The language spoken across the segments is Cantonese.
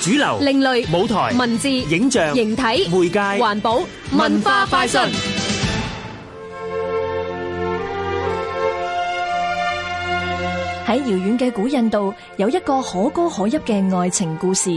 主流、另類、舞台、文字、影像、形體、媒介、環保、文化快訊。喺遙遠嘅古印度，有一個可歌可泣嘅愛情故事。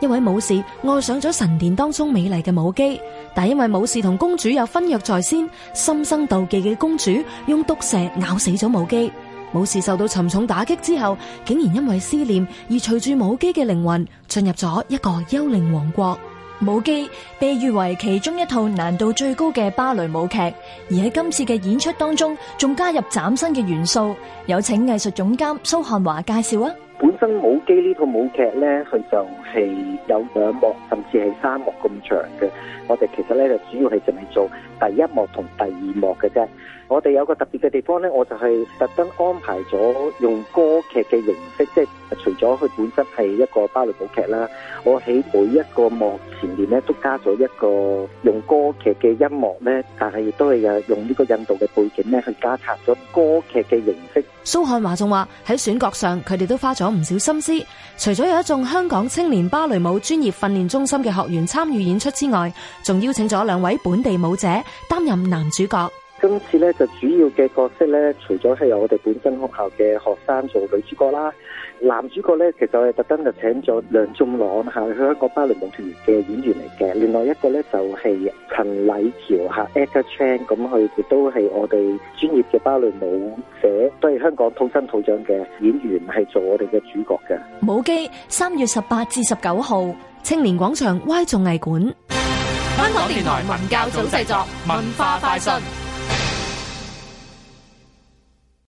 一位武士愛上咗神殿當中美麗嘅舞姬，但因為武士同公主有婚約在先，心生妒忌嘅公主用毒蛇咬死咗舞姬。武士受到沉重打擊之後，竟然因為思念而隨住舞姬嘅靈魂進入咗一個幽靈王國。舞姬被譽為其中一套難度最高嘅芭蕾舞劇，而喺今次嘅演出當中，仲加入嶄新嘅元素。有請藝術總監蘇漢華介紹啊！本身舞姬呢套舞劇咧，佢就係有兩幕甚至係三幕咁長嘅，我哋其實咧就主要係淨係做第一幕同第二幕嘅啫。我哋有一個特別嘅地方咧，我就係特登安排咗用歌劇嘅形式，即係除咗佢本身係一個芭蕾舞劇啦，我喺每一個幕前面咧都加咗一個用歌劇嘅音樂咧，但係亦都係有用呢個印度嘅背景咧去加插咗歌劇嘅形式。蘇漢華仲話，喺選角上，佢哋都花咗唔少心思，除咗有一眾香港青年。芭蕾舞專業訓練中心嘅學員參與演出之外，仲邀請咗兩位本地舞者擔任男主角。今次咧就主要嘅角色咧，除咗係由我哋本身學校嘅學生做女主角啦，男主角咧，其實我哋特登就請咗梁仲朗吓、啊，去香港芭蕾舞團嘅演員嚟嘅；另外一個咧就係陳禮喬吓，Eric Chan 咁，佢、啊、亦都係我哋專業嘅芭蕾舞社，都係香港土生土長嘅演員，係做我哋嘅主角嘅。舞劇三月十八至十九號，青年廣場 Y 綜藝館。香港電台文教組製作，文化快訊。